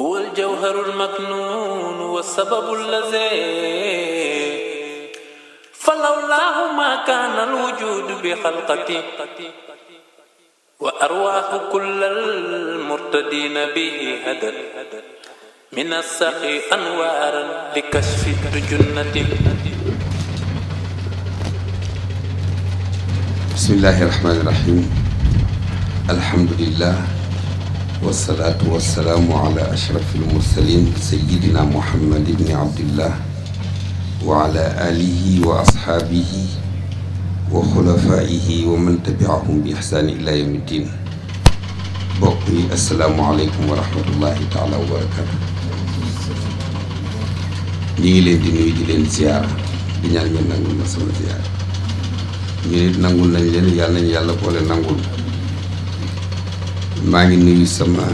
هو الجوهر المكنون والسبب الذي فلولاه ما كان الوجود بخلقتي وأرواح كل المرتدين به هدت من السخي أنوارا لكشف الجنة بسم الله الرحمن الرحيم الحمد لله wasalaatu wasalaamu ala ashrafi almursalin sayidina muhammad ibni abdillah wa ala alihi wa ashaabihi wa xulafaihi wa man tabiahum bi ixsaani ila yawmi ddin bokk yi asalaamualeykum wa rahmatullahi taala wa barakatu ñi ngi leen di nuyu di leen ziyaara di ñaan ngeen nangul ma sama ziyaara ñu nit nangul nañ leen yàlla nañu yàlla boole nangul maa ngi nuyu sama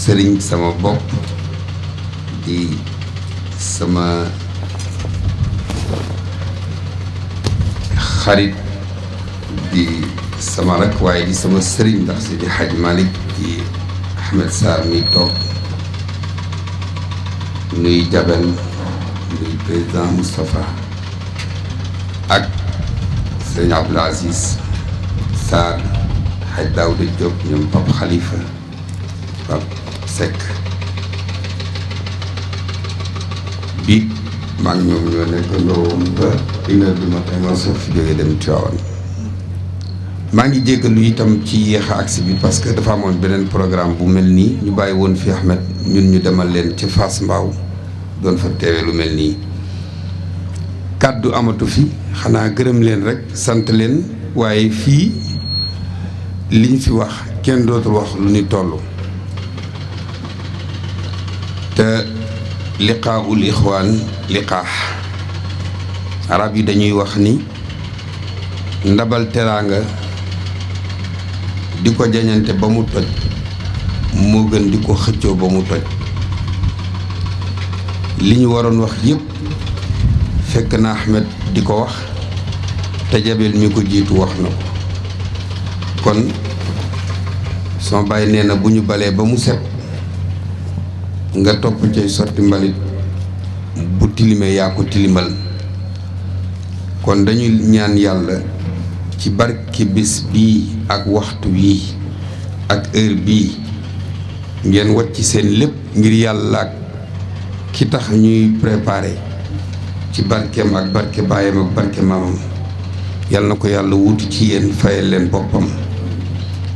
sëriñ sama bokk di sama xarit di sama rak waaye di sama sëriñ ndax si di xaj Malick di Ahmed Sarr mi toog nuy jabel nuy président Moustapha ak sëriñ Abdoul Aziz xaj Daawda Jóob ñoom Pape Khalifa Pape maa ngi ñoom ñoo maa ngi jéggalu itam ci yéex a agsi bi parce que dafa amoon beneen programme bu mel nii ñu bàyyi woon fi Ahmed ñun ñu demal leen ca fas Mbao doon fa teewee lu mel nii kàddu amatu fi xanaa gërëm leen rek sant leen waaye fii liñ fi wax kenn dootul wax lu ni toll te liqaaul ixwaan liqaax arab yi dañuy wax ni ndabal teraanga di ko jañante ba mu toj moo gën di ko xëccoo ba mu toj li ñu waroon wax yépp fekk na Ahmed di ko wax te Jabel mi ko jiitu wax na ko kon sama bàyyi nee na bu ñu balee ba mu set nga topp cay sotti mbalit bu tilimee yaa ko tilimal kon dañuy ñaan yàlla ci barki bis bii ak waxtu bii ak ër bii ngeen wacc seen lépp ngir yàlla ki tax ñuy préparé ci barkeem ak barke baayam ak barke maamam yàlla na ko yàlla wuutu ci yéen fayal leen boppam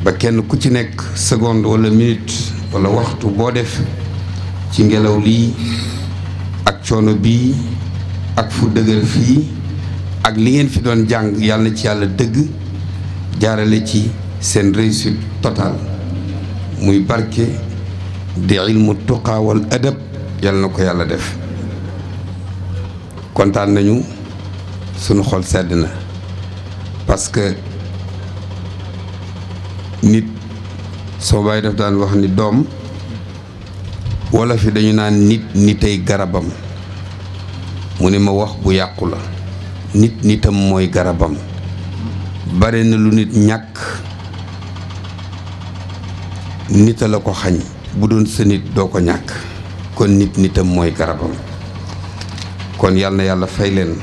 ba kenn ku ci nekk seconde wala minute wala waxtu boo def ci ngelaw lii ak coono bii ak fu dëgër fii ak li ngeen fi doon jàng yàlla ci yàlla dëgg jaarale ci seen réussite totale muy barke di ilmu tuqaa wal yàlla na ko yàlla def kontaan nañu sunu xol sedd na parce nit soo bàyyi daf daan wax ni doom wolof yi dañu naan nit nit ay garabam mu ni ma wax bu yàqu la nit nitam mooy garabam bare na lu nit ñàkk nita la ko xañ bu doon sa doo ko ñàkk kon nit nitam mooy garabam kon yàlla yàlla fay leen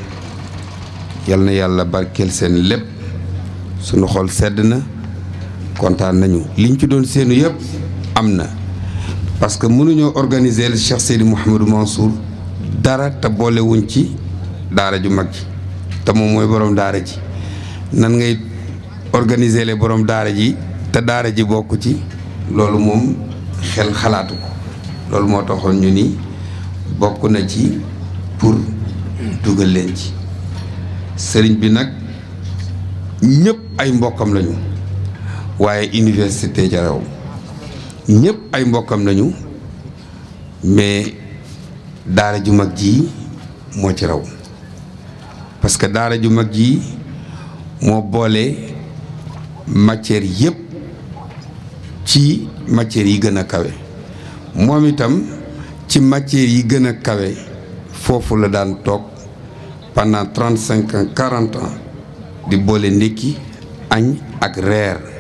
yal na yàlla barkeel seen lépp sunu xol sedd na kontaan nañu liñ ci doon séenu yëpp am na parce que mënuñoo organiser le Cheikh Seydi Mouhamadou Mansour dara te boolewuñ ci daara ju mag ji te moom mooy borom daara ji nan ngay organiser le borom daara ji te daara ji bokk ci loolu moom xel xalaatu ko loolu moo taxoon ñu ni bokk na ci pour dugal leen ci sëriñ bi nag ñëpp ay mbokkam lañu waaye université ca raw ñëpp ay mbokkam lañu mais daara ju mag ji moo ci raw parce que daara ju mag ji moo boole matière yëpp ci matière yi gën a kawe moom itam ci matière yi gën a kawe foofu la daan toog pendant trente cinq ans quarante di boole ndékki añ ak reer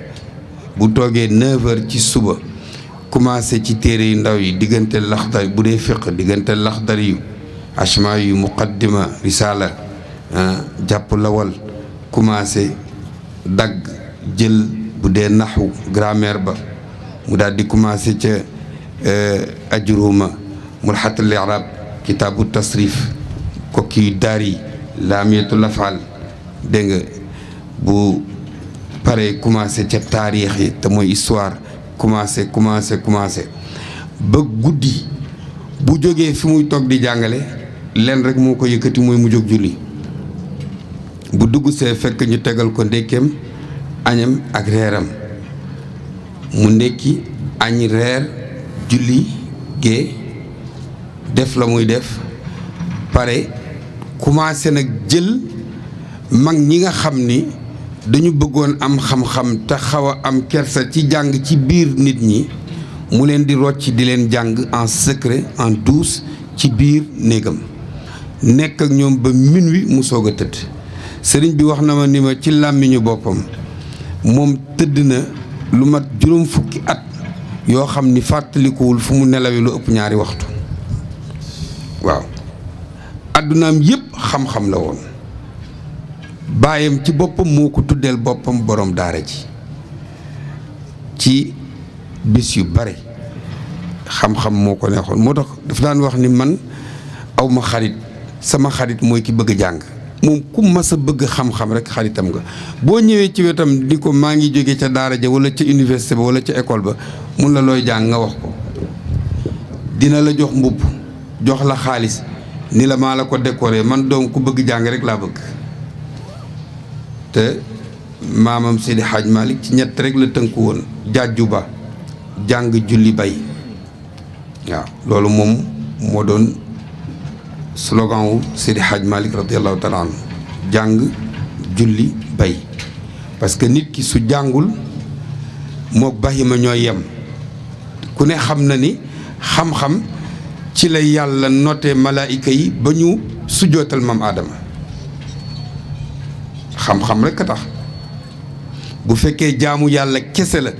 bu toogee 9h ci suba commencé ci téere yu ndaw yi diggante laxdar bu dee fiq diggante laxdar yu achma yu muqaddima risaala ah, jàpp lawal commencé dagg jël bu dee naxu grammaire ba mu daal di commencé ca eh, ajuruma mulxatul i'raab kitaabu tasrif kokki yu daar yi laamiyatu bu pare commencé ca taarix yi te mooy histoire commencé commencé commencé ba guddi bu jógee fi muy toog di jàngale leen rek moo ko yëkkati mooy mu jóg julli bu dugg see fekk ñu tegal ko ndékkeem añam ak reeram mu ndékki añ reer julli gee def la muy def pare commencé nag jël mag ñi nga xam ni dañu bëggoon am xam-xam te xaw a am kersa ci jàng ci biir nit ñi mu leen di rocc di leen jàng en secret en douce ci biir néegam nekk ak ñoom ba min wi mu soog a tëdd sëriñ bi wax na ma ni ma ci làmmiñu boppam moom tëdd na lu mat juróom fukki at yoo xam ni fàttalikuwul fu mu nelawee lu ëpp ñaari waxtu waaw àddunaam yépp xam-xam la woon baayam ci boppam moo ko tuddeel boppam boroom daara ji ci bis yu bare xam-xam moo ko neexoon moo tax daf daan wax ni man aw ma xarit sama xarit mooy ki bëgg jàng moom ku mas a bëgg xam-xam rek xaritam nga boo ñëwee ci wetam ni ko maa ngi jóge ca daara ja wala ca université ba wala ca école ba mun la looy jàng nga wax ko dina la jox mbubb jox la xaalis ni la maa la ko décoré man doom ku bëgg jàng rek laa bëgg te maamam Seydi Hadj Malick ci ñett rek la tënku woon jàjju ba jàng julli bay waaw loolu moom moo doon slogan wu Seydi Hadj Malick radiallahu taala jàng julli bay parce que nit ki su jàngul mook bahima ñoo yem ku ne xam na ni xam-xam ci la yàlla noté malaayika yi ba ñu sujjootal mam aadama xam-xam rek a tax bu fekkee jaamu yàlla kese la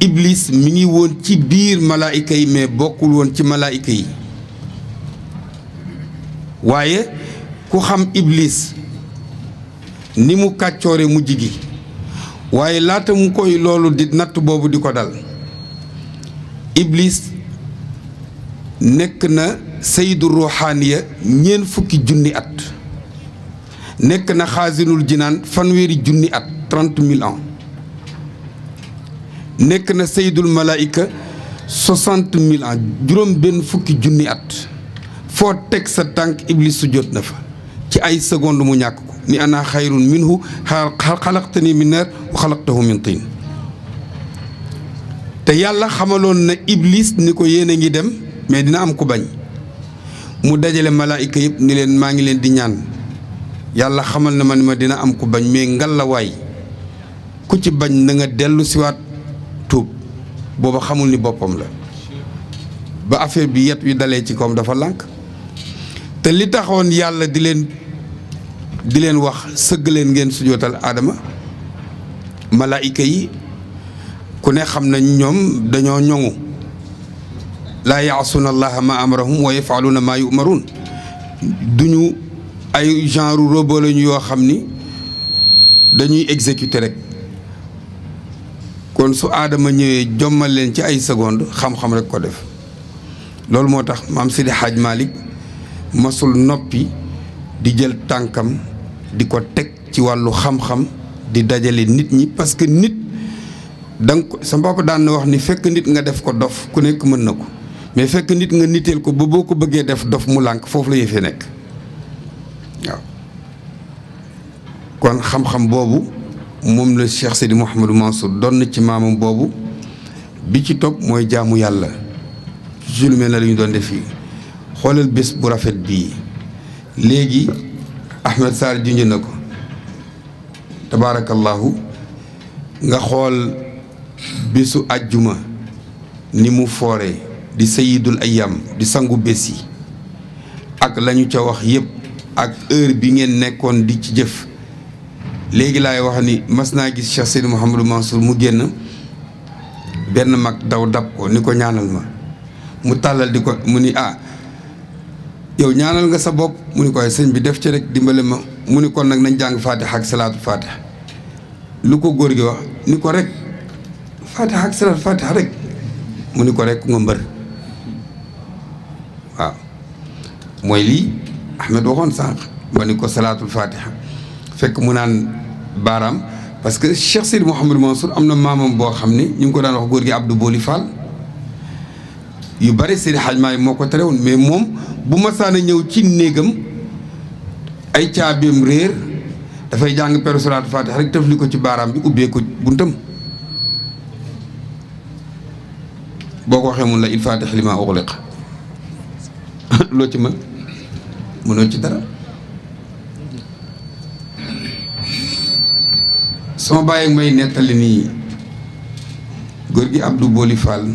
iblis mi ngi woon ci biir malaayika yi mais bokkul woon ci malaayika yi waaye ku xam iblis ni mu kàccoore mujj gi waaye laata mu koy loolu di natt boobu di ko dal iblis nekk na sayyidu ruhaaniya ñeent fukki junni at nekk na xaasinul jinaan fanweeri junni at trente mille ans nekk na seydul malaayika soixante mille ans juróom benn fukki junni at foo teg sa tànk iblis su jot na fa ci ay seconde mu ñàkk ko ni ana xayrun minhu xalaqtani min naar wa xalaqtahu min tiin te yàlla xamaloon na iblis ni ko yéen a ngi dem mais dina am ku bañ mu dajale malaayika yëpp ni leen maa ngi leen di ñaan yàlla xamal na ma ni ma dina am ku bañ mais ngalawaay ku ci bañ na nga dellu siwaat tuub booba xamul ni boppam la ba affaire bi yet wi dalee ci koom dafa lànk te li taxoon yàlla di leen di leen wax sëgg leen ngeen sujootal aadama malaayika yi ku ne xam na ñoom dañoo ñoŋu laa yaasuuna allaha ma amarahum wa yafaluuna maa yumaruun duñu ay genre robot lañu yoo xam ni dañuy exécuter rek kon su aadama ñëwee jommal leen ci ay seconde xam-xam rek ko def loolu moo tax maam Sidi xaaj maalik masul noppi di jël tànkam di ko teg ci wàllu xam-xam di dajale nit ñi parce que nit danga ko sa papa daan na wax ni fekk nit nga def ko dof ku nekk mën na ko mais fekk nit nga niteel ko ba boo ko bëggee def dof mu lànk foofu la fee nekk kon xam-xam boobu moom la Cheikh Sidi Mouhamadou Mansour doon ci maamam boobu bi ci toog mooy jaamu yàlla ci na lañu doon def fii xoolal bés bu rafet bii léegi Ahmed Sarr junj na ko tabaarakallahu nga xool bésu àjjuma ni mu foore di sayidul ayam di sangu bés yi ak lañu ca wax yépp ak heure bi ngeen nekkoon di ci jëf léegi lay wax ni mas naa gis Cheikh Seydou Mouhamadou Mansour mu génn benn mag daw dab ko ni ko ñaanal ma mu tàllal di ko mu ni ah yow ñaanal nga sa bopp mu ni ko ay bi def ci rek dimbale ma mu ni kon nag nañ jàng faatiha ak salaatu faatiha lu ko góor gi wax ni ko rek faatiha ak salaatu faatiha rek mu ni ko rek nga mbër waaw mooy lii Ahmed waxoon sànq ba ni ko salaatul faatiha fekk mu naan baaraam parce que Cheikh Sidi Mouhamed Mansour am na maamam boo xam ne ñu ngi ko daan wax góor gi Abdou Boli Fall yu bari Seydi Hadj yi moo ko terewoon mais moom bu masaana ñëw ci néegam ay caabeem réer dafay jàng peru salaatu fatiha tëfli ko ci baaraam bi ubbee ko buntam boo ko waxee mun la il fatih li ma uxliq loo ci mën mënoo ci dara sama bàyyi may nettali nii góor gi Abdou Boli Fall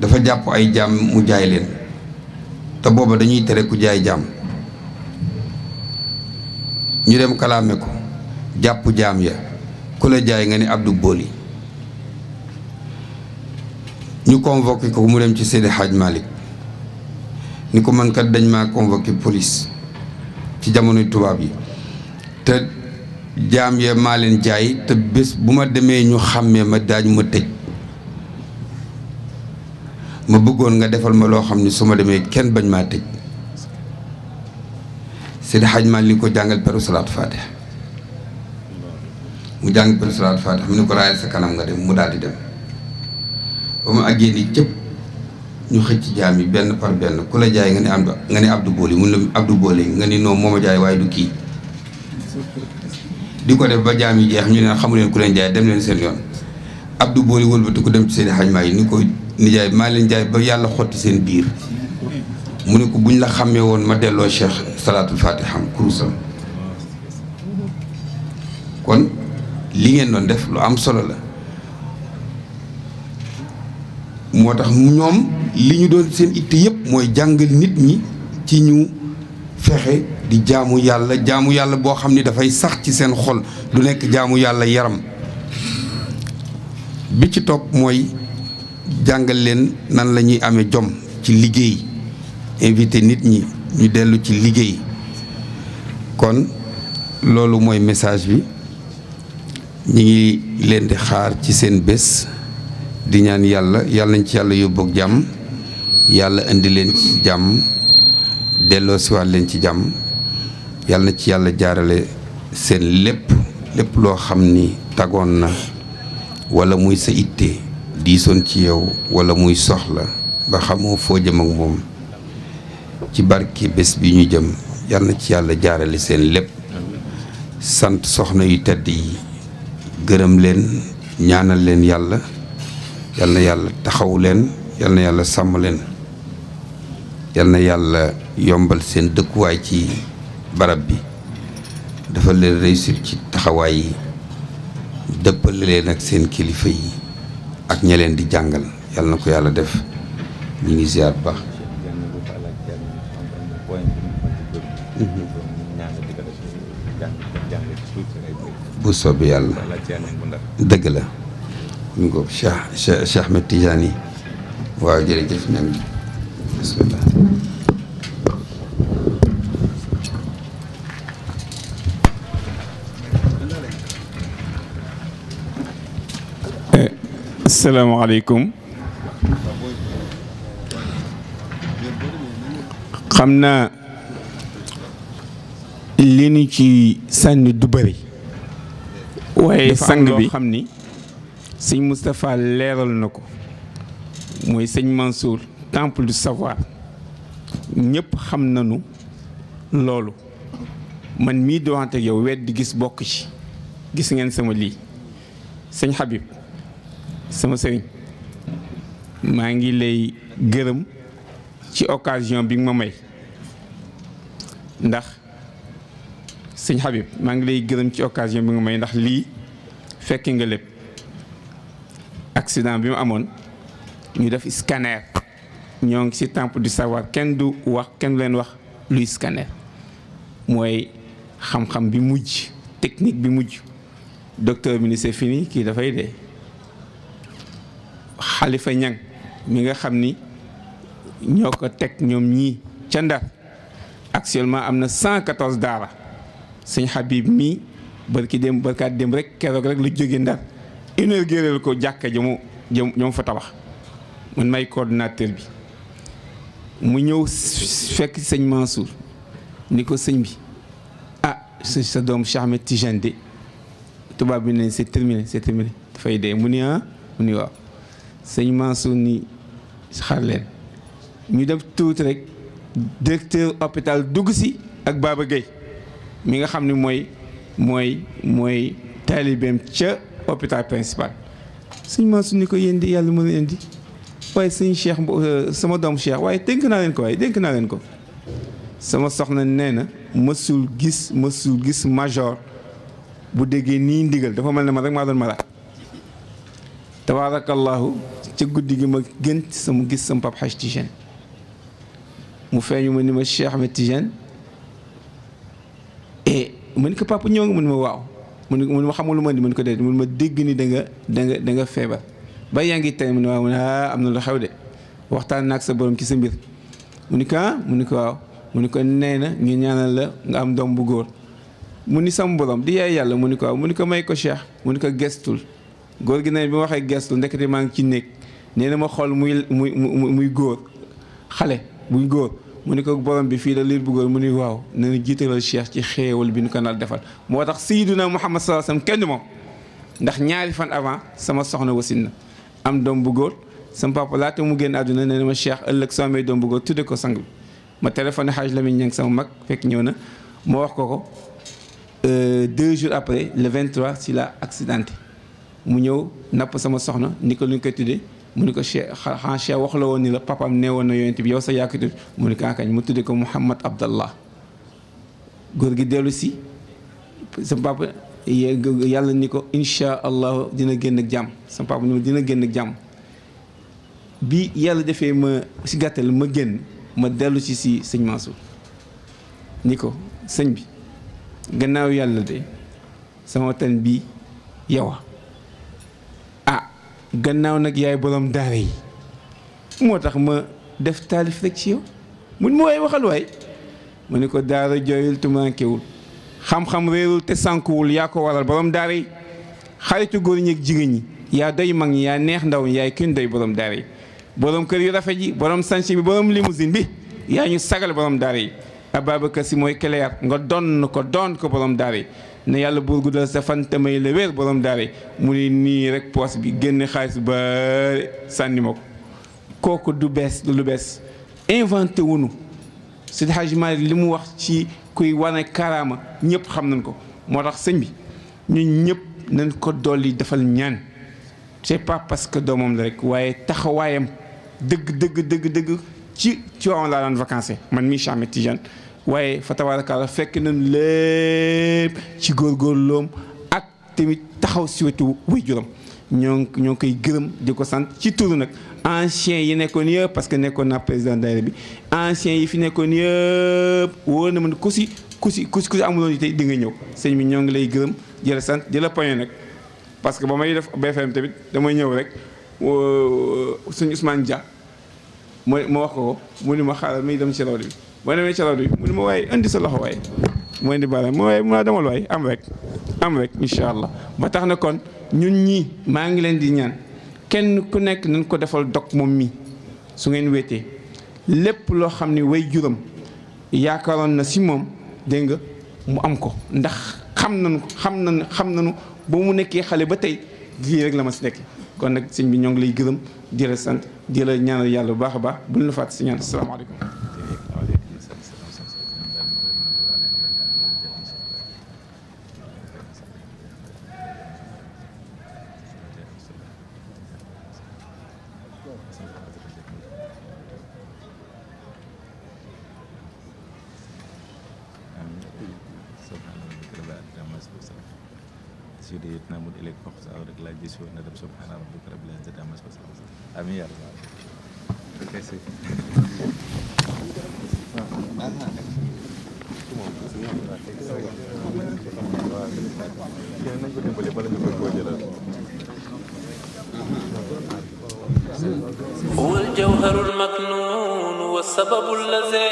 dafa jàpp ay jaam mu jaay leen te booba dañuy tere ku jaay jaam ñu dem kalaame ko jàpp jaam ya ku la jaay nga ne Abdou Boli ñu convoqué ko mu dem ci Seydi xaaj Malick ni ko man kat dañ ma convoqué police ci jamonoy tubaab yi jaam yee maa leen jaay te bés bu ma demee ñu xàmmee ma daañu ma tëj ma bëggoon nga defal ma loo xam ne su ma demee kenn bañ maa tëj Seydi Hadj maa li ko jàngal peru salaat faatiha mu jàng peru salaat faatiha mu ne ko raayal sa kanam nga dem mu daal di dem ba mu àggee ni cëpp ñu xëcc jaam yi benn par benn ku la jaay nga ne am nga ne Abdou Booli mu ne Abdou Booli nga ni noonu moo ma jaay waaye du kii di ko def ba jaam yi jeex ñu leen xamuleen leen ku leen jaay dem leen seen yoon Abdou Booli wëlbati ko dem ci seen i xajmaa yi ni ko nijaay maa leen jaay ba yàlla xotti seen biir mu ne ko buñ la xàmmee woon ma delloo Cheikh salaatul fatiham kurusam kon li ngeen doon def lu am solo la moo tax ñoom li ñu doon seen itte yëpp mooy jàngal nit ñi ci ñu fexe di jaamu yàlla jaamu yàlla boo xam ni dafay sax ci seen xol du nekk jaamu yàlla yaram bi ci topp mooy jàngal leen nan la ñuy amee jom ci liggéey invité nit ñi ñu dellu ci liggéey kon loolu mooy message bi ñi ngi leen di xaar ci seen bés di ñaan yàlla yàlla nañ ci yàlla yóbbu ak jàmm yàlla indi leen ci jàmm delloo siwaat leen ci jàmm yàlla na ci yàlla jaarale seen lépp lépp loo xam ni tagoon na wala muy sa itte diisoon ci yow wala muy soxla ba xamoo foo jëm ak moom ci barke bés bi ñu jëm yàlla na ci yàlla jaarale seen lépp sant soxna yu tedd yi gërëm leen ñaanal leen yàlla yàlla na yàlla taxaw leen yàlla na yàlla sàmm leen yàlla na yàlla yombal seen dëkkuwaay ci barab bi dafa leen réussir ci taxawaay yi dëppale ak seen kilifa yi ak ña di jàngal yàlla na ko yàlla def ñu ngi ziar bu baax. Mhm. bu yàlla dëgg la. ñu ngi ko Cheikh Cheikh Ahmed Tidiane waaw jërëjëf ñoom asalaamaaleykum xam naa li ñu ci sànni du bari waaye sang bi xam ni sëñ Moustapha leeral na ko mooy sëñ Mansour temple du savoir ñépp xam nañu loolu man mii di waxante ak yow wedd gis bokk ci gis ngeen sama lii sëñ Habib sama sëriñ maa ngi lay gërëm ci occasion bi nga ma may ndax sëñ Habib maa ngi lay gërëm ci occasion bi nga may ndax lii fekki nga lépp accident bi mu amoon ñu def scanner ñoo ngi si temple du savoir kenn du wax kenn leen wax luy scanner mooy xam-xam bi mujj technique bi mujj docteur bi ni c'est fini kii dafay dee xalifa ñaŋ mi nga xam ni ñoo ko teg ñoom ñii ca Ndar actuellement am na 114 daara sëñ Habib mii barki dem barkaat dem rek keroog rek lu jóge Ndar inauguré ko jàkka ja mu ja fa tabax man may coordinateur bi mu ñëw fekk sëñ Mansour ni ko sëñ bi ah su sa doom Cheikh Ahmed de tubaab bi ne c'est terminé c'est terminé dafay dee mu ni ah mu ni waaw sëñ Mansour ni xar leen ñu def tuuti rek directeur hôpital dugg si ak Baba Gueye mi nga xam ni mooy mooy mooy taalibeem ca hôpital principal sëñ Mansour ni ko yéen di yàlla mën a indi waaye sëñ Cheikh euh, sama doom Cheikh waaye dénk naa leen ko waaye dénk naa leen ko sama soxna nee na mësul gis mësul gis major bu déggee nii ndigal dafa mel ne ma rek maa doon malaat tabaarakallahu ci guddi gi ma gën sama gis sama pap xaj Tijaan mu feeñu ma ni ma Cheikh Ahmed Tijaan e eh, ma ni ko papa ñëw nga mu ni ma waaw mu ni ma xamul ma ni ma ni ko déedéet mu ni ma dégg ni nga da nga feebar ba yaa ngi tey mu ne waaw mu ne ah, lu xew de waxtaan naag sa borom ci sa mbir mu ni ko ah ni ko mu ni ko nee na ñu ñaanal la nga am doom bu góor mu ni sam borom di yaay yàlla mu ni ko waaw mu ni ko may ko Cheikh mu ni ko gestul góor gi ne bi ma waxee gestu ndekete maa ngi ci néeg nee na ma xool muy muy muy góor xale buy góor mu ni ko borom bi fii la liir bu góor mu ni waaw ne na jiitalal cheikh ci xéewal bi nu ko nal defal moo tax sayyiduna mu sallallahu alayhi wasallam kenn moom ndax ñaari fan avant sama soxna wasin na am doom bu góor sama papa laata mu génn àdduna nee na ma cheikh ëllëg soo amee doom bu góor tudde ko sang bi ma téléphoné xaaj mi Niang sama mag fekk ñëw na ma wax ko ko euh, deux jours après le 23 si la accidenté mu ñëw napp sama soxna ni ko lu ñu koy tuddee mu ni ko Cheikh xanaa wax la ni la papaam nee woon na yonent bi yow sa yàkk tudd mu ni kaakañ ah mu tuddee ko Mouhamad Abdallah góor gi dellu si sama papa yàlla ni ko incha dina génn jàmm sama papa dina génn jàmm bi yàlla defee ma si gàttal ma génn ma dellu si si sëñ ni ko sëñ bi gannaaw yàlla de sama tan bi yow gannaaw nag yaay boroom daara yi moo tax ma def taalif rek ci yow mun mu waay waxal waay mu ne ko daara jooyul tumurankewul xam-xam réerul te sànkuwul yaa ko waral borom daara yi xaritu góor ñi jigéen ñi yaa doy mag ñi yaa neex ndaw ñi yaay kenn doy borom daara yi borom kër yu rafet yi borom sanc bi borom limousine bi yaa ñu sagal borom daara yi a Ababacar Si mooy Keleyaar nga doon ko doon ko borom daara yi ne yàlla buur guddal sa fan te may la borom daare mu ni nii rek poos bi génne xaalis ba sànni ma ko kooku du bees du lu bees inventé wunu Seydi Hadji Malick li mu wax ci kuy wane karaama ñëpp xam nañ ko moo tax sëñ bi ñu ñëpp nañ ko dolli defal ñaan c'est pas parce que doomam la rek waaye taxawaayam dëgg dëgg dëgg ci ci Tivaouane laa daan vacances man mi Cheikh Ahmed waaye fa tabaarakalla fekk nañ lépp ci góor góor góorgóorloom ak tamit taxaw si wetu waajuram ñoo ñoo ngi gërëm di ko sant ci turu nag ancien yi nekkoon yëpp parce que nekkoon naa président daayira bi ancien yi fi nekkoon yëpp woo na ma ne ku si ku si ku amuloon yi tey di nga ñëw sëñ bi ñoo ngi lay gërëm di sant di la poñe nag parce que ba may def BFM tamit damay ñëw rek suñu Ousmane Dia moo ma wax ko ko mu ni ma xaaral muy dem ci raw bi boo demee ci raw bi mu ne ma waaye indi sa loxo waaye mu indi baaraam mu waaye mu naa demal waaye am rek am rek incha allah ba tax na kon ñun ñii maa ngi leen di ñaan kenn ku nekk nañ ko defal dog moom mi su ngeen wéetee lépp loo xam ne way juram yaakaaroon na si moom dégg nga mu am ko ndax xam nañu ko xam na xam nañu ba mu nekkee xale ba tey lii rek la ma si nekk kon nag sëñ bi ñoo ngi lay gërëm di la sant di la ñaanal yàlla bu baax a baax buñ la fàtte si ñaan asalaamaaleykum kisiwo na dam subhana rabbika rabbil izzati amma yasifun amin ya rabbal هو الجوهر المكنون والسبب الذي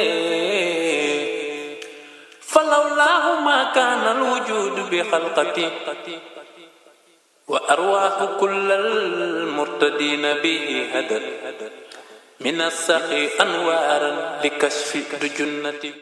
فلولاه ما كان الوجود بخلقتي وأرواح كل المرتدين به هدت من السقي أنوارا لكشف دجنة